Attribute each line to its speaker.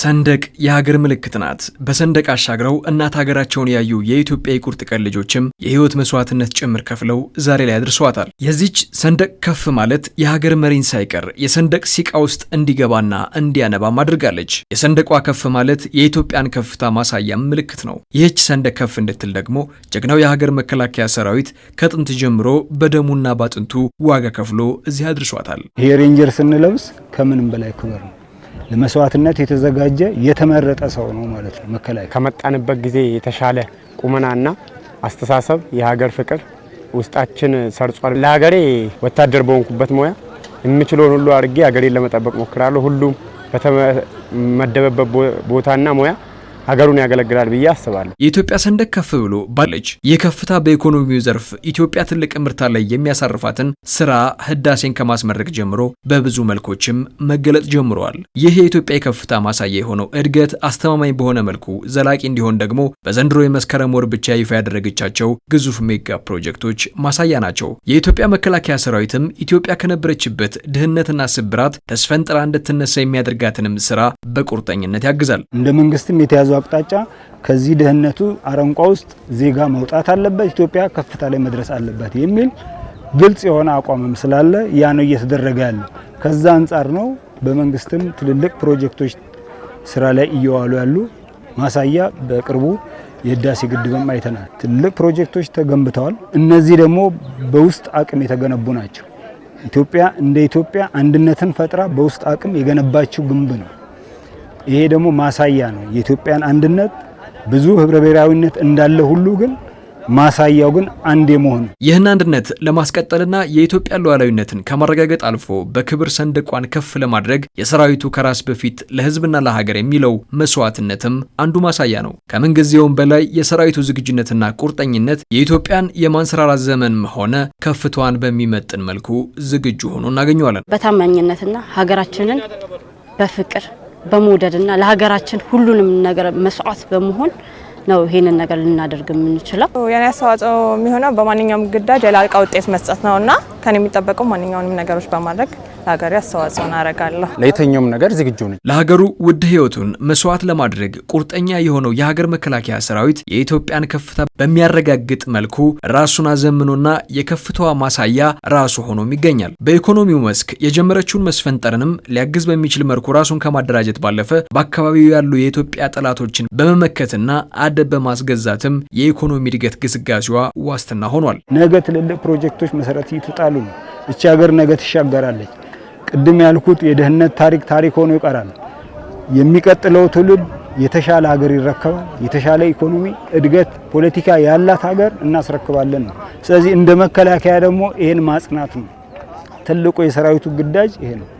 Speaker 1: ሰንደቅ የሀገር ምልክት ናት። በሰንደቅ አሻግረው እናት ሀገራቸውን ያዩ የኢትዮጵያ የቁርጥ ቀን ልጆችም የህይወት መስዋዕትነት ጭምር ከፍለው ዛሬ ላይ አድርሰዋታል። የዚች ሰንደቅ ከፍ ማለት የሀገር መሪን ሳይቀር የሰንደቅ ሲቃ ውስጥ እንዲገባና እንዲያነባም አድርጋለች። የሰንደቋ ከፍ ማለት የኢትዮጵያን ከፍታ ማሳያም ምልክት ነው። ይህች ሰንደቅ ከፍ እንድትል ደግሞ ጀግናው የሀገር መከላከያ ሰራዊት ከጥንት ጀምሮ በደሙና ባጥንቱ ዋጋ ከፍሎ እዚህ አድርሷታል።
Speaker 2: ይሄ ሬንጀር ስንለብስ ከምንም በላይ ክብር ነው። ለመስዋዕትነት የተዘጋጀ የተመረጠ ሰው ነው ማለት ነው። መከላከያ
Speaker 3: ከመጣንበት ጊዜ የተሻለ ቁመናና አስተሳሰብ፣ የሀገር ፍቅር ውስጣችን ሰርጿል። ለሀገሬ ወታደር በሆንኩበት ሙያ የምችለውን ሁሉ አድርጌ ሀገሬን ለመጠበቅ ሞክራለሁ። ሁሉም በተመደበበት ቦታና ሙያ ሀገሩን ያገለግላል ብዬ አስባለሁ።
Speaker 1: የኢትዮጵያ ሰንደቅ ከፍ ብሎ ባለች ይህ ከፍታ በኢኮኖሚው ዘርፍ ኢትዮጵያ ትልቅ ምርታ ላይ የሚያሳርፋትን ስራ ህዳሴን ከማስመረቅ ጀምሮ በብዙ መልኮችም መገለጽ ጀምረዋል። ይህ የኢትዮጵያ የከፍታ ማሳያ የሆነው እድገት አስተማማኝ በሆነ መልኩ ዘላቂ እንዲሆን ደግሞ በዘንድሮ የመስከረም ወር ብቻ ይፋ ያደረገቻቸው ግዙፍ ሜጋ ፕሮጀክቶች ማሳያ ናቸው። የኢትዮጵያ መከላከያ ሰራዊትም ኢትዮጵያ ከነበረችበት ድህነትና ስብራት ተስፈንጥራ እንድትነሳ የሚያደርጋትንም ስራ በቁርጠኝነት ያግዛል።
Speaker 4: እንደ መንግስትም የተያዘ በተያዘው አቅጣጫ ከዚህ ደህነቱ አረንቋ ውስጥ ዜጋ መውጣት አለበት፣ ኢትዮጵያ ከፍታ ላይ መድረስ አለበት የሚል ግልጽ የሆነ አቋምም ስላለ ያ ነው እየተደረገ ያለ ከዛ አንጻር ነው በመንግስትም ትልልቅ ፕሮጀክቶች ስራ ላይ እየዋሉ ያሉ። ማሳያ በቅርቡ የህዳሴ ግድብም አይተናል። ትልቅ ፕሮጀክቶች ተገንብተዋል። እነዚህ ደግሞ በውስጥ አቅም የተገነቡ ናቸው። ኢትዮጵያ እንደ ኢትዮጵያ አንድነትን ፈጥራ በውስጥ አቅም የገነባችው ግንብ ነው። ይሄ ደግሞ ማሳያ ነው የኢትዮጵያን አንድነት ብዙ ህብረ ብሔራዊነት እንዳለ ሁሉ ግን ማሳያው ግን አንድ የመሆን
Speaker 1: ይህን አንድነት ለማስቀጠልና የኢትዮጵያ ሉዓላዊነትን ከማረጋገጥ አልፎ በክብር ሰንደቋን ከፍ ለማድረግ የሰራዊቱ ከራስ በፊት ለህዝብና ለሀገር የሚለው መስዋዕትነትም አንዱ ማሳያ ነው። ከምንጊዜውም በላይ የሰራዊቱ ዝግጁነትና ቁርጠኝነት የኢትዮጵያን የማንሰራራት ዘመንም ሆነ ከፍቷን በሚመጥን መልኩ ዝግጁ ሆኖ እናገኘዋለን።
Speaker 5: በታማኝነትና ሀገራችንን በፍቅር በመውደድ እና ለሀገራችን ሁሉንም ነገር መስዋዕት በመሆን ነው ይሄንን ነገር ልናደርግ የምንችለው።
Speaker 6: የኔ አስተዋጽኦ የሚሆነው በማንኛውም ግዳጅ የላልቃ ውጤት መስጠት ነውና ከኔ የሚጠበቀው ማንኛውንም ነገሮች በማድረግ ለሀገሬ አስተዋጽኦ አደርጋለሁ።
Speaker 7: ለየትኛውም ነገር ዝግጁ ነኝ።
Speaker 1: ለሀገሩ ውድ ህይወቱን መስዋዕት ለማድረግ ቁርጠኛ የሆነው የሀገር መከላከያ ሰራዊት የኢትዮጵያን ከፍታ በሚያረጋግጥ መልኩ ራሱን አዘምኖና የከፍታዋ ማሳያ ራሱ ሆኖም ይገኛል። በኢኮኖሚው መስክ የጀመረችውን መስፈንጠርንም ሊያግዝ በሚችል መልኩ ራሱን ከማደራጀት ባለፈ በአካባቢው ያሉ የኢትዮጵያ ጠላቶችን በመመከትና አደብ በማስገዛትም የኢኮኖሚ እድገት ግስጋሴዋ ዋስትና ሆኗል።
Speaker 8: ነገ ትልልቅ ፕሮጀክቶች መሰረት ይጥጣል ይቀራሉ። እቺ ሀገር ነገ ትሻገራለች። ቅድም ያልኩት የደህንነት ታሪክ ታሪክ ሆኖ ይቀራል። የሚቀጥለው ትውልድ የተሻለ ሀገር ይረከባል። የተሻለ ኢኮኖሚ እድገት፣ ፖለቲካ ያላት ሀገር እናስረክባለን ነው። ስለዚህ እንደ መከላከያ ደግሞ ይሄን ማጽናት ነው ትልቁ የሰራዊቱ ግዳጅ ይሄ ነው።